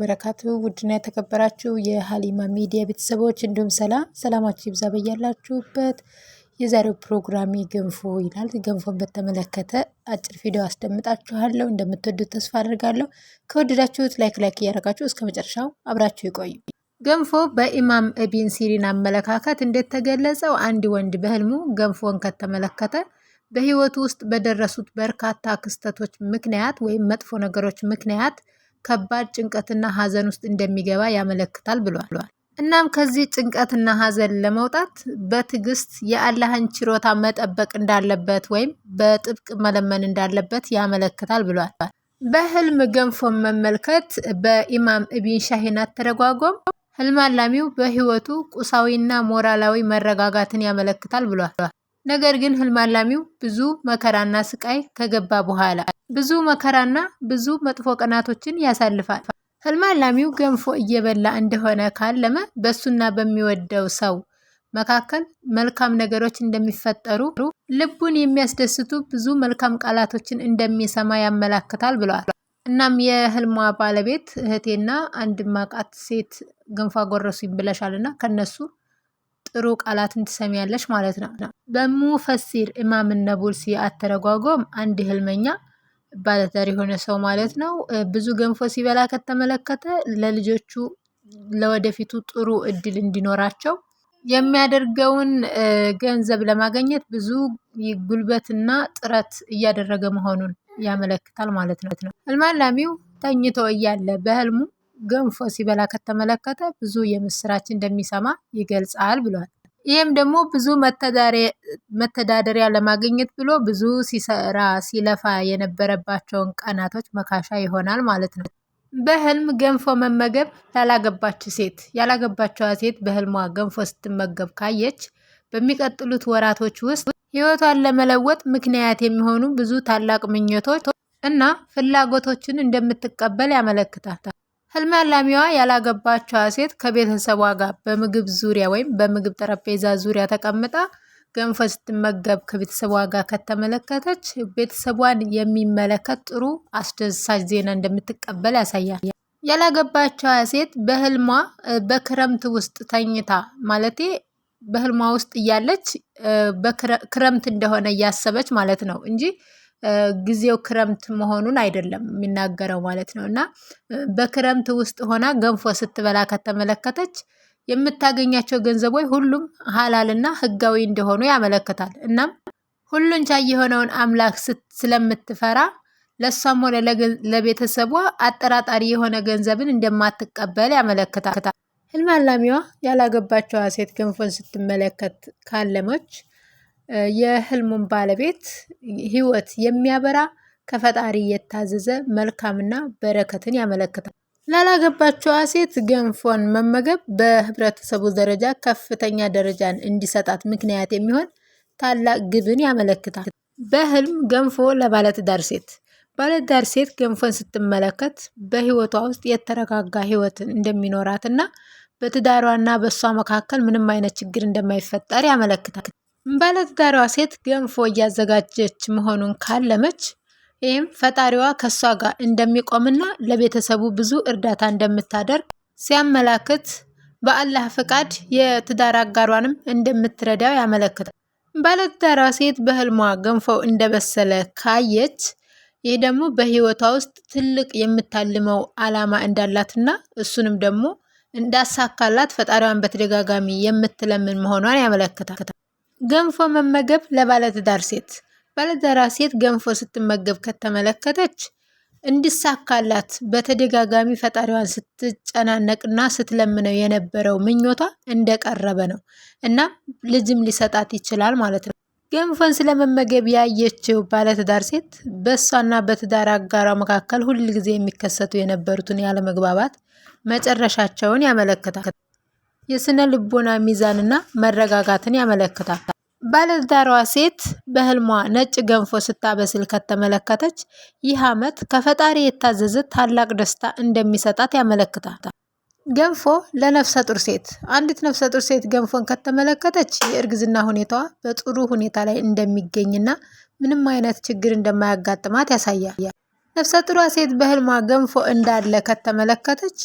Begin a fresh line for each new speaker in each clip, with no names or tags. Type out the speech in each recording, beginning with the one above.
በረካቱ ውድና የተከበራችሁ የሀሊማ ሚዲያ ቤተሰቦች እንዲሁም ሰላም ሰላማችሁ ይብዛ በያላችሁበት። የዛሬው ፕሮግራሚ ገንፎ ይላል። ገንፎን በተመለከተ አጭር ቪዲዮ አስደምጣችኋለሁ። እንደምትወዱት ተስፋ አድርጋለሁ። ከወደዳችሁት ላይክ ላይክ እያደረጋችሁ እስከ መጨረሻው አብራችሁ ይቆዩ። ገንፎ በኢማም እቢን ሲሪን አመለካከት እንደተገለጸው አንድ ወንድ በህልሙ ገንፎን ከተመለከተ በህይወቱ ውስጥ በደረሱት በርካታ ክስተቶች ምክንያት ወይም መጥፎ ነገሮች ምክንያት ከባድ ጭንቀትና ሀዘን ውስጥ እንደሚገባ ያመለክታል ብሏል። እናም ከዚህ ጭንቀትና ሀዘን ለመውጣት በትዕግስት የአላህን ችሮታ መጠበቅ እንዳለበት ወይም በጥብቅ መለመን እንዳለበት ያመለክታል ብሏል። በህልም ገንፎን መመልከት በኢማም እቢን ሻሂን አተረጓጎም ህልም አላሚው በህይወቱ ቁሳዊና ሞራላዊ መረጋጋትን ያመለክታል ብሏል። ነገር ግን ህልማላሚው ብዙ መከራና ስቃይ ከገባ በኋላ ብዙ መከራና ብዙ መጥፎ ቀናቶችን ያሳልፋል። ህልማላሚው ገንፎ እየበላ እንደሆነ ካለመ በእሱና በሚወደው ሰው መካከል መልካም ነገሮች እንደሚፈጠሩ ልቡን የሚያስደስቱ ብዙ መልካም ቃላቶችን እንደሚሰማ ያመላክታል ብለዋል። እናም የህልሟ ባለቤት እህቴና አንድ ማቃት ሴት ገንፎ አጎረሱኝ ብለሻልና ከነሱ ጥሩ ቃላትን ትሰሚያለሽ ማለት ነው። በሙፈሲር ኢማም ነቡልሲ አተረጓጎም አንድ ህልመኛ ባለትዳር የሆነ ሰው ማለት ነው ብዙ ገንፎ ሲበላ ከተመለከተ ለልጆቹ ለወደፊቱ ጥሩ እድል እንዲኖራቸው የሚያደርገውን ገንዘብ ለማግኘት ብዙ ጉልበትና ጥረት እያደረገ መሆኑን ያመለክታል ማለት ነው። ህልማላሚው ተኝቶ እያለ በህልሙ ገንፎ ሲበላ ከተመለከተ ብዙ የምስራች እንደሚሰማ ይገልጻል ብሏል። ይህም ደግሞ ብዙ መተዳደሪያ ለማግኘት ብሎ ብዙ ሲሰራ ሲለፋ የነበረባቸውን ቀናቶች መካሻ ይሆናል ማለት ነው። በህልም ገንፎ መመገብ ላላገባች ሴት ያላገባቸዋ ሴት በህልሟ ገንፎ ስትመገብ ካየች በሚቀጥሉት ወራቶች ውስጥ ህይወቷን ለመለወጥ ምክንያት የሚሆኑ ብዙ ታላቅ ምኞቶች እና ፍላጎቶችን እንደምትቀበል ያመለክታታል። ህልም አላሚዋ ያላገባችዋ ሴት ከቤተሰቧ ጋር በምግብ ዙሪያ ወይም በምግብ ጠረጴዛ ዙሪያ ተቀምጣ ገንፎ ስትመገብ ከቤተሰቧ ጋር ከተመለከተች ቤተሰቧን የሚመለከት ጥሩ አስደሳች ዜና እንደምትቀበል ያሳያል። ያላገባችዋ ሴት በህልሟ በክረምት ውስጥ ተኝታ ማለቴ በህልሟ ውስጥ እያለች ክረምት እንደሆነ እያሰበች ማለት ነው እንጂ ጊዜው ክረምት መሆኑን አይደለም የሚናገረው ማለት ነው። እና በክረምት ውስጥ ሆና ገንፎ ስትበላ ከተመለከተች የምታገኛቸው ገንዘቦች ሁሉም ሀላል ሀላልና ህጋዊ እንደሆኑ ያመለክታል። እናም ሁሉን ቻይ የሆነውን አምላክ ስለምትፈራ ለእሷም ሆነ ለቤተሰቧ አጠራጣሪ የሆነ ገንዘብን እንደማትቀበል ያመለክታል። ህልም አላሚዋ ያላገባቸዋ ሴት ገንፎን ስትመለከት ካለመች የህልሙን ባለቤት ህይወት የሚያበራ ከፈጣሪ የታዘዘ መልካምና በረከትን ያመለክታል። ላላገባችዋ ሴት ገንፎን መመገብ በህብረተሰቡ ደረጃ ከፍተኛ ደረጃን እንዲሰጣት ምክንያት የሚሆን ታላቅ ግብን ያመለክታል። በህልም ገንፎ ለባለትዳር ሴት ባለትዳር ሴት ገንፎን ስትመለከት በህይወቷ ውስጥ የተረጋጋ ህይወት እንደሚኖራትና በትዳሯና በእሷ መካከል ምንም አይነት ችግር እንደማይፈጠር ያመለክታል። ባለትዳሯ ሴት ገንፎ እያዘጋጀች መሆኑን ካለመች ይህም ፈጣሪዋ ከእሷ ጋር እንደሚቆምና ለቤተሰቡ ብዙ እርዳታ እንደምታደርግ ሲያመላክት በአላህ ፈቃድ የትዳር አጋሯንም እንደምትረዳው ያመለክታል። ባለትዳሯ ሴት በህልሟ ገንፎ እንደበሰለ ካየች ይህ ደግሞ በህይወቷ ውስጥ ትልቅ የምታልመው አላማ እንዳላትና እሱንም ደግሞ እንዳሳካላት ፈጣሪዋን በተደጋጋሚ የምትለምን መሆኗን ያመለክታል። ገንፎ መመገብ ለባለትዳር ሴት ባለትዳር ሴት ገንፎ ስትመገብ ከተመለከተች እንዲሳካላት በተደጋጋሚ ፈጣሪዋን ስትጨናነቅና ስትለምነው የነበረው ምኞቷ እንደቀረበ ነው። እናም ልጅም ሊሰጣት ይችላል ማለት ነው። ገንፎን ስለመመገብ ያየችው ባለትዳር ሴት በእሷና በትዳር አጋሯ መካከል ሁል ጊዜ የሚከሰቱ የነበሩትን ያለመግባባት መጨረሻቸውን ያመለክታል። የስነ ልቦና ሚዛንና መረጋጋትን ያመለክታል። ባለትዳሯ ሴት በህልሟ ነጭ ገንፎ ስታበስል ከተመለከተች ይህ ዓመት ከፈጣሪ የታዘዘ ታላቅ ደስታ እንደሚሰጣት ያመለክታል። ገንፎ ለነፍሰ ጡር ሴት፣ አንዲት ነፍሰ ጡር ሴት ገንፎን ከተመለከተች የእርግዝና ሁኔታዋ በጥሩ ሁኔታ ላይ እንደሚገኝና ምንም አይነት ችግር እንደማያጋጥማት ያሳያል። ነፍሰ ጡሯ ሴት በህልሟ ገንፎ እንዳለ ከተመለከተች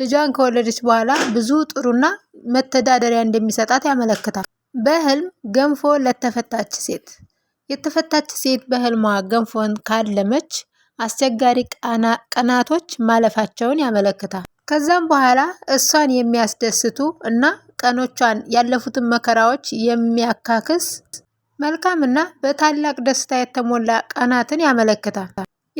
ልጇን ከወለደች በኋላ ብዙ ጥሩና መተዳደሪያ እንደሚሰጣት ያመለክታል። በህልም ገንፎ ለተፈታች ሴት የተፈታች ሴት በህልሟ ገንፎን ካለመች አስቸጋሪ ቀናቶች ማለፋቸውን ያመለክታል። ከዛም በኋላ እሷን የሚያስደስቱ እና ቀኖቿን ያለፉትን መከራዎች የሚያካክስ መልካምና በታላቅ ደስታ የተሞላ ቀናትን ያመለክታል።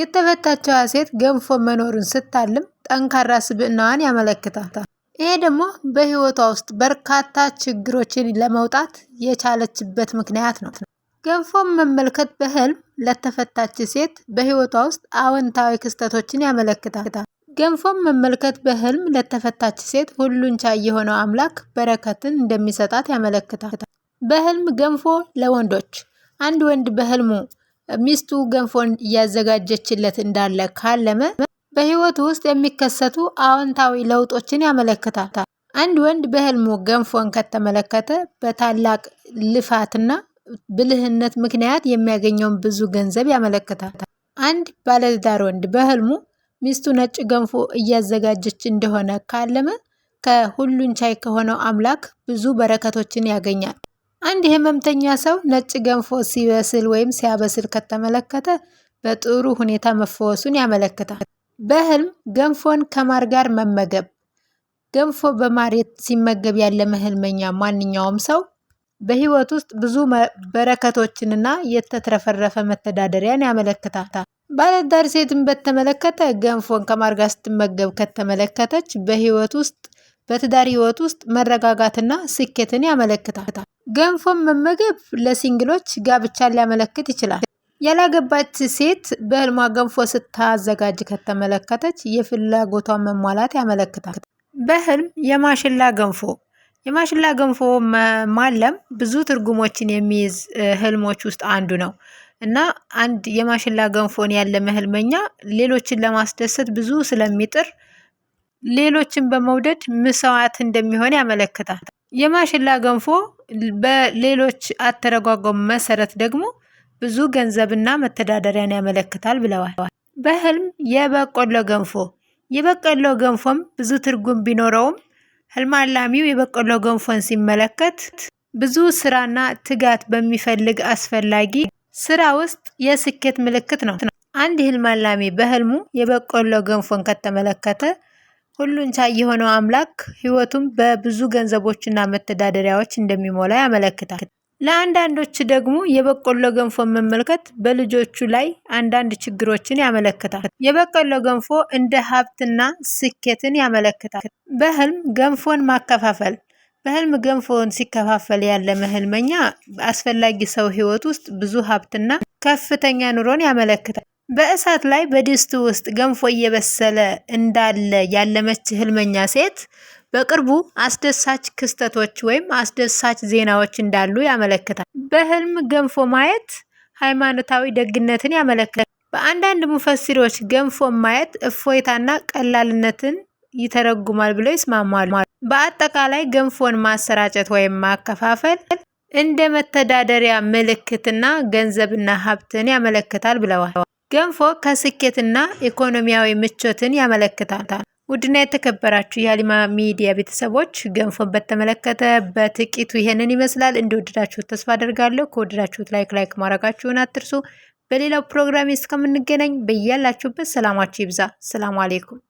የተፈታችዋ ሴት ገንፎ መኖሩን ስታልም ጠንካራ ስብዕናዋን ያመለክታታል። ይሄ ደግሞ በህይወቷ ውስጥ በርካታ ችግሮችን ለመውጣት የቻለችበት ምክንያት ነው። ገንፎን መመልከት በህልም ለተፈታች ሴት በህይወቷ ውስጥ አዎንታዊ ክስተቶችን ያመለክታታል። ገንፎን መመልከት በህልም ለተፈታች ሴት ሁሉን ቻይ የሆነው አምላክ በረከትን እንደሚሰጣት ያመለክታል። በህልም ገንፎ ለወንዶች አንድ ወንድ በህልሙ ሚስቱ ገንፎን እያዘጋጀችለት እንዳለ ካለመ በህይወት ውስጥ የሚከሰቱ አዎንታዊ ለውጦችን ያመለክታል። አንድ ወንድ በህልሙ ገንፎን ከተመለከተ በታላቅ ልፋትና ብልህነት ምክንያት የሚያገኘውን ብዙ ገንዘብ ያመለክታል። አንድ ባለትዳር ወንድ በህልሙ ሚስቱ ነጭ ገንፎ እያዘጋጀች እንደሆነ ካለመ ከሁሉን ቻይ ከሆነው አምላክ ብዙ በረከቶችን ያገኛል። አንድ ህመምተኛ ሰው ነጭ ገንፎ ሲበስል ወይም ሲያበስል ከተመለከተ በጥሩ ሁኔታ መፈወሱን ያመለክታል። በህልም ገንፎን ከማር ጋር መመገብ ገንፎ በማር ሲመገብ ያለመ ህልመኛ ማንኛውም ሰው በህይወት ውስጥ ብዙ በረከቶችንና የተትረፈረፈ መተዳደሪያን ያመለክታታል። ባለትዳር ሴትን በተመለከተ ገንፎን ከማር ጋር ስትመገብ ከተመለከተች በህይወት ውስጥ በትዳር ህይወት ውስጥ መረጋጋትና ስኬትን ያመለክታታል። ገንፎን መመገብ ለሲንግሎች ጋብቻን ሊያመለክት ይችላል። ያላገባች ሴት በህልሟ ገንፎ ስታዘጋጅ ከተመለከተች የፍላጎቷን መሟላት ያመለክታል። በህልም የማሽላ ገንፎ የማሽላ ገንፎ ማለም ብዙ ትርጉሞችን የሚይዝ ህልሞች ውስጥ አንዱ ነው እና አንድ የማሽላ ገንፎን ያለመ ህልመኛ ሌሎችን ለማስደሰት ብዙ ስለሚጥር ሌሎችን በመውደድ ምሰዋት እንደሚሆን ያመለክታል። የማሽላ ገንፎ በሌሎች አተረጓጎም መሰረት ደግሞ ብዙ ገንዘብና መተዳደሪያን ያመለክታል ብለዋል። በህልም የበቆሎ ገንፎ የበቆሎ ገንፎም ብዙ ትርጉም ቢኖረውም ህልም አላሚው የበቆሎ ገንፎን ሲመለከት ብዙ ስራና ትጋት በሚፈልግ አስፈላጊ ስራ ውስጥ የስኬት ምልክት ነው። አንድ ህልም አላሚ በህልሙ የበቆሎ ገንፎን ከተመለከተ ሁሉን ቻይ የሆነው አምላክ ህይወቱም በብዙ ገንዘቦችና መተዳደሪያዎች እንደሚሞላ ያመለክታል። ለአንዳንዶች ደግሞ የበቆሎ ገንፎ መመልከት በልጆቹ ላይ አንዳንድ ችግሮችን ያመለክታል። የበቆሎ ገንፎ እንደ ሀብትና ስኬትን ያመለክታል። በህልም ገንፎን ማከፋፈል በህልም ገንፎን ሲከፋፈል ያለመ ህልመኛ አስፈላጊ ሰው ህይወት ውስጥ ብዙ ሀብትና ከፍተኛ ኑሮን ያመለክታል። በእሳት ላይ በድስት ውስጥ ገንፎ እየበሰለ እንዳለ ያለመች ህልመኛ ሴት በቅርቡ አስደሳች ክስተቶች ወይም አስደሳች ዜናዎች እንዳሉ ያመለክታል። በህልም ገንፎ ማየት ሃይማኖታዊ ደግነትን ያመለክታል። በአንዳንድ ሙፈሲሮች ገንፎ ማየት እፎይታና ቀላልነትን ይተረጉማል ብለው ይስማማሉ። በአጠቃላይ ገንፎን ማሰራጨት ወይም ማከፋፈል እንደ መተዳደሪያ ምልክትና ገንዘብና ሀብትን ያመለክታል ብለዋል። ገንፎ ከስኬትና ኢኮኖሚያዊ ምቾትን ያመለክታል። ውድና የተከበራችሁ የሀሊማ ሚዲያ ቤተሰቦች ገንፎን በተመለከተ በጥቂቱ ይሄንን ይመስላል። እንደወደዳችሁት ተስፋ አደርጋለሁ። ከወደዳችሁት ላይክ ላይክ ማድረጋችሁን አትርሱ። በሌላው ፕሮግራም እስከምንገናኝ በያላችሁበት ሰላማችሁ ይብዛ። ሰላም አሌይኩም።